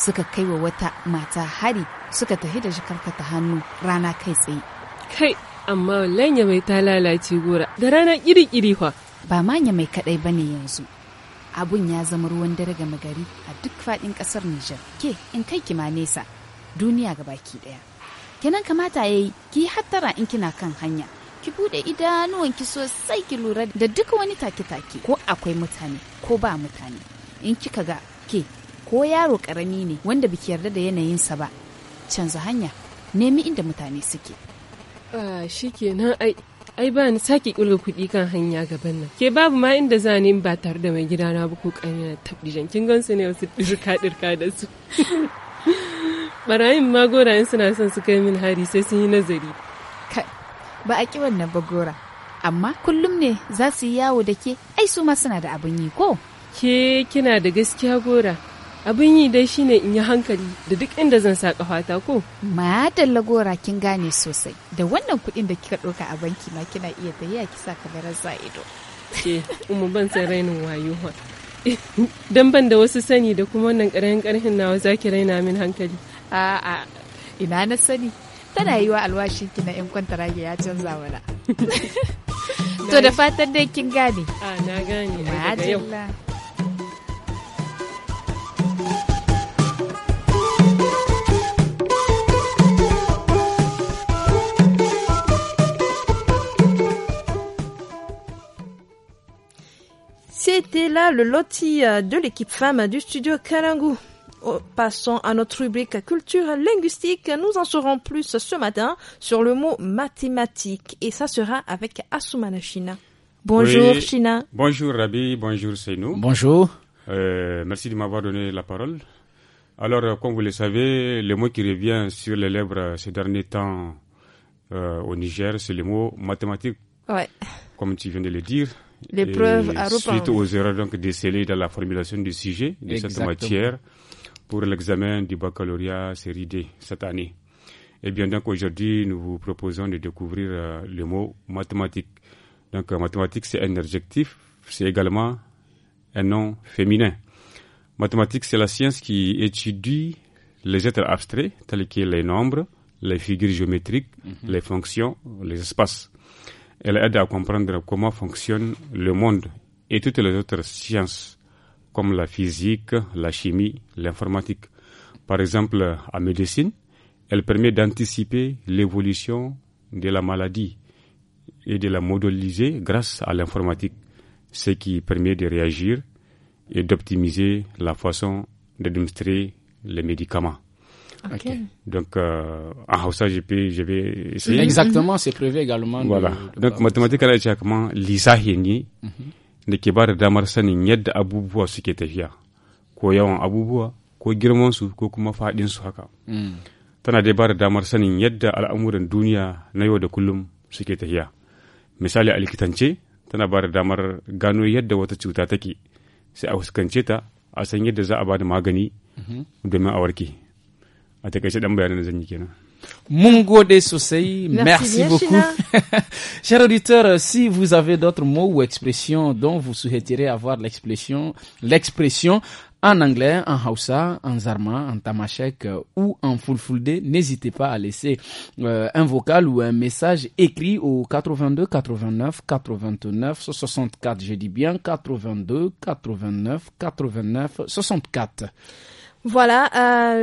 suka kai wa wata mata hari suka tafi da jikarta ta hannu rana kai tsaye. Kai, amma lanya mai ta lalace gora da rana iri-iri fa. Ba manya mai kaɗai ba ne yanzu. Abun ya zama ruwan dare ga gari a duk faɗin ƙasar Nijar. Ke, in kai ki ma nesa, duniya ga baki ɗaya. Kenan kamata ya yi, ki hattara in kina kan hanya. Ki buɗe ki sosai ki lura da duk wani take-take ko akwai mutane ko ba mutane. In kika ga ke ko yaro karami ne wanda biki yarda da yanayinsa ba canza hanya nemi inda mutane suke ah shikenan ai ai ba ni sake kulga kuɗi kan hanya gaban nan ke babu ma inda za ni ba tare da mai na ba ko kanya tabdijan kin gansu ne wasu dirka dirka da su barayin ma gorayen suna son su kai min hari sai sun yi nazari kai ba a ki wannan ba gora amma kullum ne za su yi yawo da ke ai su ma suna da abin yi ko ke kina da gaskiya gora abin yi dai shine in yi hankali da duk inda zan sa kafata ko madalla lagora kin gane sosai da wannan kuɗin da kika ɗauka a banki ma kina iya tafiya ki sa kamarar za ido ke umu ban san rainin wayo dan ban da wasu sani da kuma wannan ƙarayen ƙarfin nawa zaki raina min hankali a'a ina na sani tana yi wa alwashi kina yan kwantarage ya canza wala to da fatan dai kin gane a na gane yau. C'était là le loti euh, de l'équipe femme du studio Kalangu. Oh, passons à notre rubrique culture linguistique. Nous en saurons plus ce matin sur le mot mathématique et ça sera avec Asumana China. Bonjour China. Bonjour Rabi, bonjour Seynou. Bonjour. Euh, merci de m'avoir donné la parole. Alors, euh, comme vous le savez, le mot qui revient sur les lèvres ces derniers temps au Niger, c'est le mot mathématique. Comme tu viens de le dire, les Suite aux erreurs donc décelées dans la formulation du sujet de cette matière pour l'examen du baccalauréat série D cette année. Et eh bien, donc aujourd'hui, nous vous proposons de découvrir euh, le mot mathématique. Donc, euh, mathématique, c'est un adjectif, c'est également un nom féminin. Mathématique c'est la science qui étudie les êtres abstraits, tels que les nombres, les figures géométriques, mhm. les fonctions, les espaces elle aide à comprendre comment fonctionne le monde et toutes les autres sciences, comme la physique, la chimie, l'informatique. Par exemple, en médecine, elle permet d'anticiper l'évolution de la maladie et de la modéliser grâce à l'informatique, ce qui permet de réagir et d'optimiser la façon d'administrer les médicaments. Okay. Donc, euh, en je, peux, je vais essayer. Mm-hmm. Exactement, c'est prévu également. Voilà. De, de Donc, mathématiques, ana cewa kamar lissahi ne da ke ba da damar sanin yadda abubuwa Quoi, tafiya, ko yawan abubuwa, ko girmansu, ko kuma faɗinsu haka. Mm. Tana da ba da damar sanin yadda al'amuran duniya na yau da kullum suke tafiya. Misali, a likitance, tana ba da damar gano yadda wata cuta take, sai a fuskance ta, a san yadda za a ba magani mm-hmm. domin a warke. a ah, hein. Sosei, merci, beaucoup. Chers auditeurs, euh, si vous avez d'autres mots ou expressions dont vous souhaiterez avoir l'expression, l'expression en anglais, en Hausa, en Zarma, en Tamashek euh, ou en Fulfulde, n'hésitez pas à laisser euh, un vocal ou un message écrit au 82 89 89 64. Je dis bien 82 89 89 64. Voilà.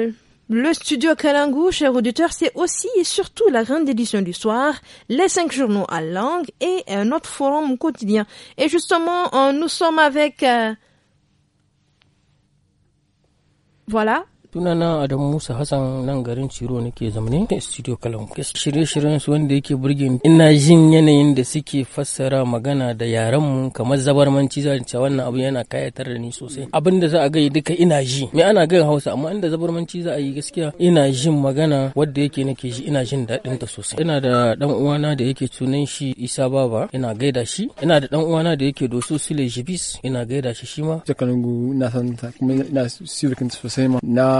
Le studio Kalangu, chers auditeurs, c'est aussi et surtout la grande édition du soir, les cinq journaux à langue et un autre forum quotidien. Et justement, euh, nous sommes avec... Euh, voilà, tunana Adamu Musa Hassan nan garin Ciro nake zamani studio Kalam. Shirye-shiryen su wanda yake burge ina jin yanayin da suke fassara magana da yaran mu kamar zabarmanci zan ce wannan abu yana kayatar da ni sosai. Abin da za a gai duka ina ji. Me ana gain Hausa amma inda zabarmanci za a yi gaskiya ina jin magana wadda yake nake ji ina jin daɗin ta sosai. Ina da dan uwana da yake sunan shi Isa Baba ina gaida shi. Ina da dan uwana da yake Doso Sule Jibis ina gaida shi shi ma. na san kuma ina sirkin sosai ma. Na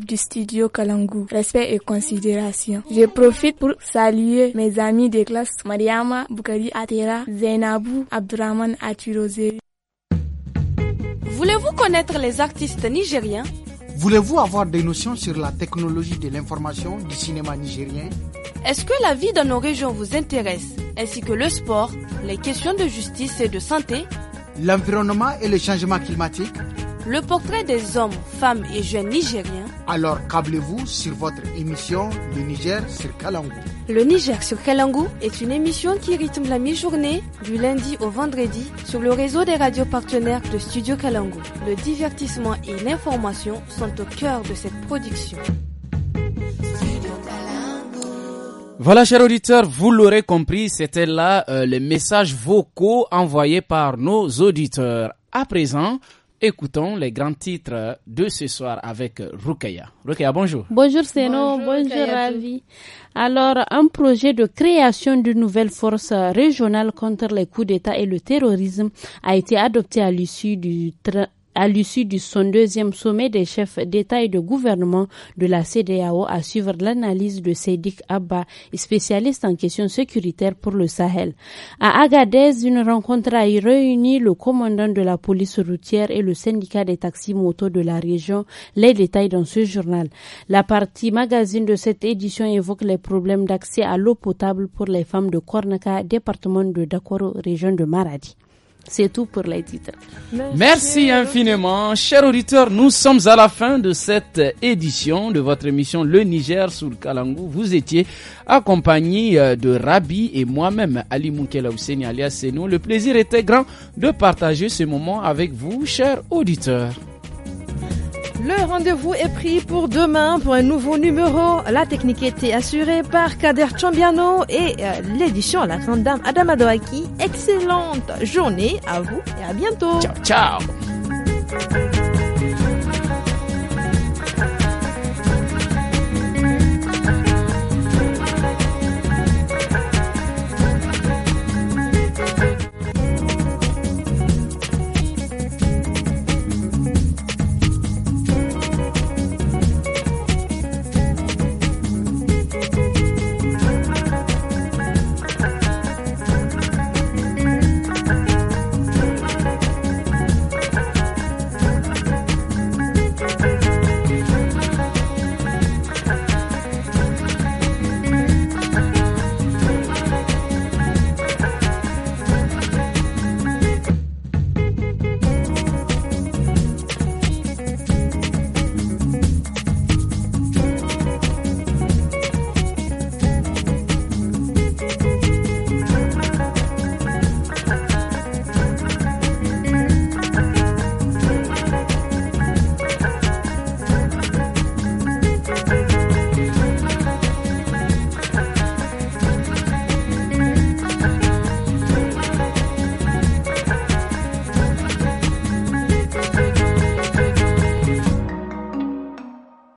du studio Kalangu. Respect et considération. Je profite pour saluer mes amis de classe Mariama, Bukari Atera, Zainabou, Abdurrahman Aturozeri. Voulez-vous connaître les artistes nigériens Voulez-vous avoir des notions sur la technologie de l'information du cinéma nigérien Est-ce que la vie dans nos régions vous intéresse, ainsi que le sport, les questions de justice et de santé L'environnement et le changement climatique le portrait des hommes, femmes et jeunes nigériens. Alors câblez-vous sur votre émission Le Niger sur Kalangou. Le Niger sur Kalangou est une émission qui rythme la mi-journée du lundi au vendredi sur le réseau des radios partenaires de Studio Kalangou. Le divertissement et l'information sont au cœur de cette production. Voilà, chers auditeurs, vous l'aurez compris, c'était là le euh, les messages vocaux envoyés par nos auditeurs. À présent, Écoutons les grands titres de ce soir avec Rukaya. Rukaya, bonjour. Bonjour Seno, bonjour, bonjour Ravi. Alors, un projet de création d'une nouvelle force régionale contre les coups d'État et le terrorisme a été adopté à l'issue du à l'issue du son deuxième sommet des chefs d'État et de gouvernement de la CDAO à suivre l'analyse de Sédic Abba, spécialiste en questions sécuritaires pour le Sahel. À Agadez, une rencontre a réuni le commandant de la police routière et le syndicat des taxis motos de la région. Les détails dans ce journal. La partie magazine de cette édition évoque les problèmes d'accès à l'eau potable pour les femmes de Kornaka, département de Dakoro, région de Maradi. C'est tout pour l'éditeur. Merci, infiniment. Chers auditeurs, nous sommes à la fin de cette édition de votre émission Le Niger sur le Kalangou. Vous étiez accompagné euh, de Rabi et moi-même, Ali Moukela Hussein alias Seno. Le plaisir était grand de partager ce moment avec vous, chers auditeurs. Le rendez-vous est pris pour demain pour un nouveau numéro. La technique était assurée par Kader Chambiano et euh, l'édition La Grande Dame Adama Excellente journée à vous et à bientôt. Ciao, ciao.